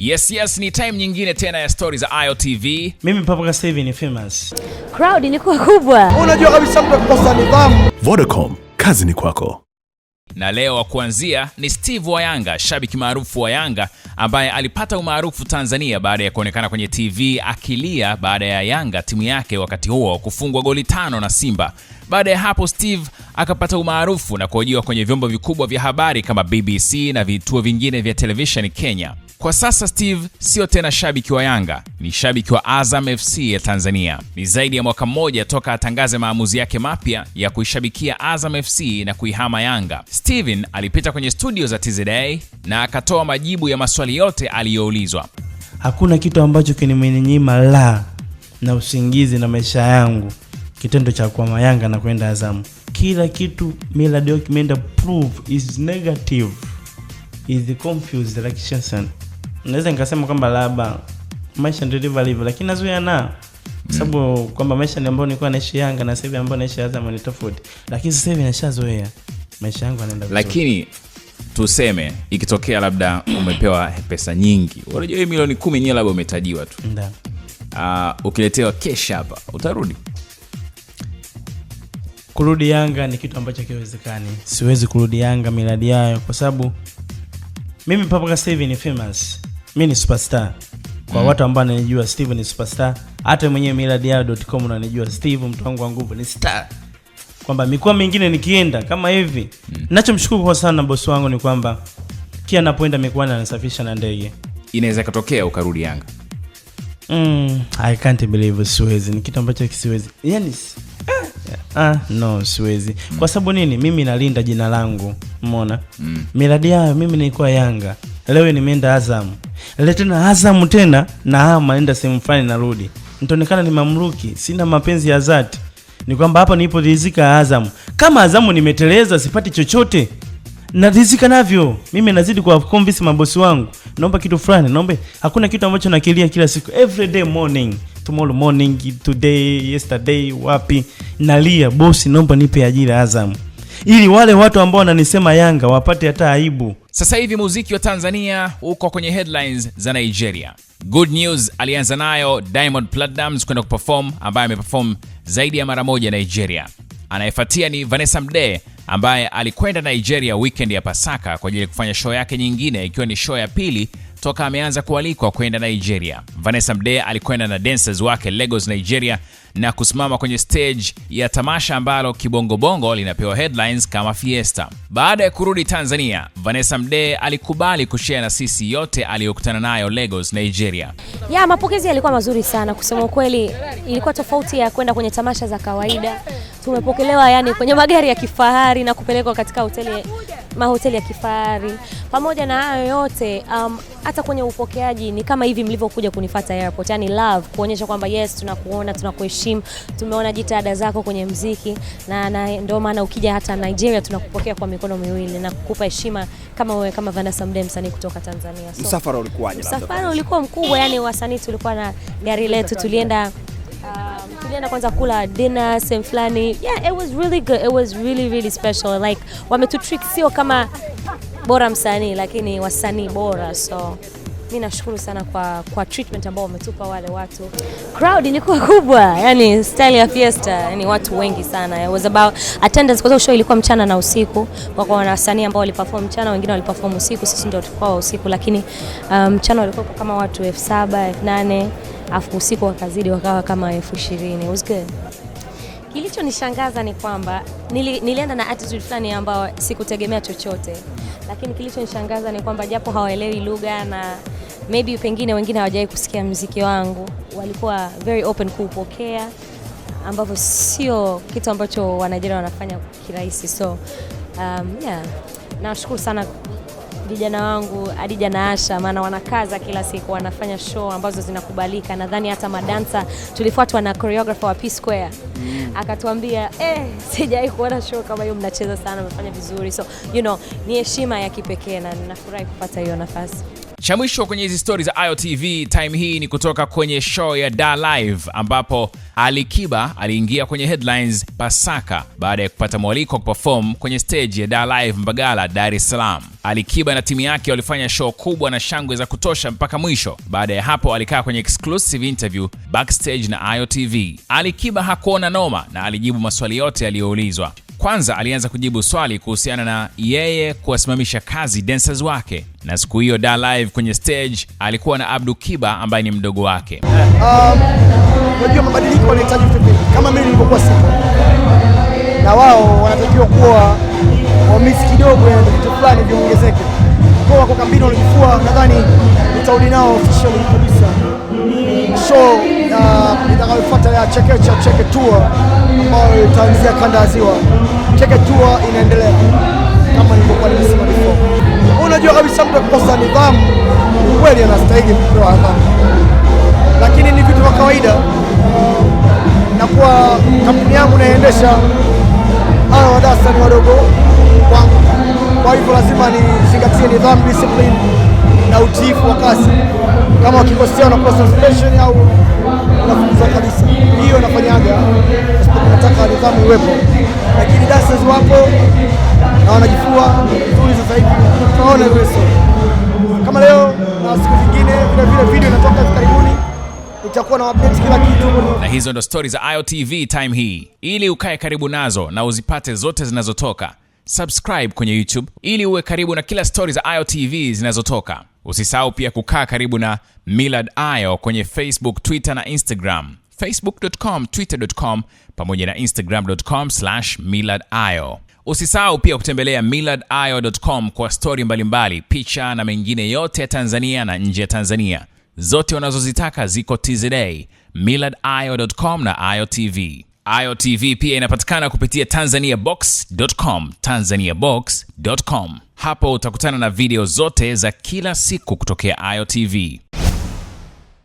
Yes, yes, ni time nyingine tena ya story za AyoTV. Mimi mpaka sasa hivi ni famous. Crowd ni kwa kubwa. Unajua kabisa mtu akikosa nidhamu. Vodacom, kazi ni kwako. Na leo wa kuanzia ni Steve wa Yanga, shabiki maarufu wa Yanga ambaye alipata umaarufu Tanzania baada ya kuonekana kwenye TV akilia baada ya Yanga timu yake wakati huo kufungwa goli tano na Simba. Baada ya hapo Steve akapata umaarufu na kuhojiwa kwenye vyombo vikubwa vya habari kama BBC na vituo vingine vya television Kenya. Kwa sasa Steve sio tena shabiki wa Yanga, ni shabiki wa Azam FC ya Tanzania. Ni zaidi ya mwaka mmoja toka atangaze maamuzi yake mapya ya kuishabikia Azam FC na kuihama Yanga. stehen alipita kwenye studio za TZA na akatoa majibu ya maswali yote aliyoulizwa. Hakuna kitu ambacho kinimenyima la na usingizi na maisha yangu kitendo cha kuama Yanga na kwenda Azamu. Kila kitu kimeenda prove is negative is confused like Shenson naweza nikasema kwamba labda maisha ndio ndivyo alivyo, lakini nazuia na kwa sababu mm. kwamba maisha ambayo nilikuwa naishi Yanga na sasa hivi ambayo naishi Azam ni tofauti, lakini sasa hivi nashazoea maisha yangu yanaenda vizuri. Lakini tuseme ikitokea labda umepewa pesa nyingi, unajua hiyo milioni kumi nyewe labda umetajiwa tu Nda. Uh, ukiletewa kesh hapa utarudi kurudi Yanga ni kitu ambacho kiwezekani. Siwezi kurudi Yanga miradi yayo, kwa sababu mimi mpaka sasa hivi ni famous mi ni superstar kwa mm. watu ambao ananijua Steve ni superstar, hata mwenyewe millardayo.com unanijua Steve, mtu wangu wa nguvu ni star, kwamba mikoa mingine nikienda kama hivi mm. nachomshukuru kwa sana bosi wangu ni kwamba kia napoenda mikoani anasafisha na ndege. Inaweza ikatokea ukarudi Yanga. Mm, I can't believe, siwezi, ni kitu ambacho kisiwezi yani Ah, no siwezi mm. Kwa sababu nini? Mimi nalinda jina langu, mona mm. miradi yayo mimi nilikuwa Yanga leo nimeenda azamu le tena azamu tena na hama naenda sehemu fulani narudi, nitaonekana ni mamruki sina mapenzi ya zati Ni kwamba hapa nipo rizika Azam, kama Azam nimeteleza sipati chochote na rizika navyo mimi, nazidi kwa convince mabosi wangu, naomba kitu fulani, naomba hakuna kitu ambacho nakilia kila siku, everyday morning, tomorrow morning, today, yesterday, wapi nalia, bosi, naomba nipe ajira azamu ili wale watu ambao wananisema Yanga wapate hata aibu. Sasa hivi muziki wa Tanzania uko kwenye headlines za Nigeria. Good news alianza nayo Diamond platnams kwenda kuperform, ambaye ameperform zaidi ya mara moja Nigeria. Anayefuatia ni Vanessa Mdee ambaye alikwenda Nigeria weekend ya Pasaka kwa ajili ya kufanya show yake nyingine, ikiwa ni show ya pili toka ameanza kualikwa kwenda Nigeria. Vanessa Mdee alikwenda na dancers wake legos Nigeria na kusimama kwenye stage ya tamasha ambalo kibongobongo linapewa headlines kama Fiesta. Baada ya kurudi Tanzania, Vanessa Mdee alikubali kushare na sisi yote aliyokutana nayo Lagos, Nigeria. Ya mapokezi yalikuwa mazuri sana kusema ukweli, ilikuwa tofauti ya kwenda kwenye tamasha za kawaida. Tumepokelewa yani kwenye magari ya kifahari na kupelekwa katika hoteli mahoteli ya kifahari. Pamoja na hayo yote um, hata kwenye upokeaji ni kama hivi mlivyokuja kunifata airport, yani love kuonyesha kwamba yes, tunakuona tunakuheshimu heshima. Tumeona jitihada zako kwenye mziki na, na ndio maana ukija hata Nigeria tunakupokea kwa mikono miwili na kukupa heshima kama wewe kama Vanessa Mdee msanii kutoka Tanzania. So, msafara ulikuwaje? Msafara ulikuwa mkubwa, yani wasanii tulikuwa na gari letu tulienda Um, tulienda kwanza kula dinner sehemu fulani. Yeah, it was really good. It was really really special. Like wametutrick sio kama bora msanii lakini wasanii bora so mi nashukuru sana kwa, kwa treatment ambao wametupa wale watu. Crowd ilikuwa kubwa, yani style ya fiesta, yani watu wengi sana. It was about attendance kwa sababu show ilikuwa mchana na usiku, wako na wasanii ambao waliperform mchana, wengine waliperform usiku, sisi ndio tulikuwa usiku, lakini um, mchana um, walikuwa kama watu elfu saba elfu nane afu usiku wakazidi wakawa kama elfu ishirini. It was good. Kilichonishangaza ni kwamba nili, nilienda na attitude fulani ambayo sikutegemea chochote, lakini kilichonishangaza ni kwamba japo hawaelewi lugha na maybe pengine wengine hawajawahi kusikia mziki wangu, walikuwa very open kuupokea, ambavyo sio kitu ambacho Wanigeria wanafanya kirahisi. So um, yeah, nawashukuru sana vijana wangu Adija na Asha, maana wanakaza kila siku, wanafanya show ambazo zinakubalika. Nadhani hata madansa tulifuatwa na choreographer wa P Square mm. akatuambia eh, sijai kuona show kama hiyo, mnacheza sana, mnafanya vizuri. So you know, ni heshima ya kipekee na ninafurahi kupata hiyo nafasi. Cha mwisho kwenye hizi stori za iotv time hii ni kutoka kwenye show ya Da Live ambapo Ali Kiba aliingia kwenye headlines Pasaka baada ya kupata mwaliko wa kuperform kwenye stage ya Da Live Mbagala, Dar es Salaam. Ali Kiba na timu yake walifanya show kubwa na shangwe za kutosha mpaka mwisho. Baada ya hapo, alikaa kwenye exclusive interview backstage na iotv Ali Kiba hakuona noma na alijibu maswali yote yaliyoulizwa. Kwanza alianza kujibu swali kuhusiana na yeye kuwasimamisha kazi dancers wake, na siku hiyo Da Live kwenye stage alikuwa na Abdu Kiba ambaye ni mdogo wake. Um, unajua, mabadiliko wanahitaji vitu Kama mimi nilivyokuwa sipo na wao, wanatakiwa kuwa wamisi kidogo, ya vitu fulani viongezeke. Kwa wako kambini, walijifua nadhani utauli nao official kabisa show itakayofuata ya Chekecha Cheke Tour ambayo itaanzia kanda ya Ziwa. Cheke Tour inaendelea kama nilivyokuwa nimesema before. Unajua kabisa mtu akikosa nidhamu kweli anastahili kupewa adhabu, lakini ni vitu vya kawaida, na kwa kampuni yangu naendesha hawa wadasa ni wadogo kwangu, kwa hivyo lazima nizingatie nidhamu, discipline na utiifu wa kazi. Kama wakikosea wanakosa suspension au nafunza kabisa, hiyo nafanyaga, nataka nidhamu iwepo, lakini dancers wapo na wanajifua vizuri. Sasa hivi tunaona uwezo kama leo na siku zingine vile, video inatoka karibuni itakuwa na update kila kitu. Na hizo ndo stori za AyoTV time hii. Ili ukae karibu nazo na uzipate zote zinazotoka, subscribe kwenye YouTube ili uwe karibu na kila stori za AyoTV zinazotoka. Usisahau pia kukaa karibu na Millard Ayo kwenye Facebook, Twitter na Instagram, facebook.com, twitter.com pamoja na instagram.com Millard io Usisahau pia kutembelea millardayo.com kwa stori mbalimbali, picha na mengine yote ya Tanzania na nje ya Tanzania. Zote unazozitaka ziko TZA, millardayo.com na IOTV. IOTV pia inapatikana kupitia tanzaniabox.com, tanzaniabox.com. Hapo utakutana na video zote za kila siku kutokea IOTV.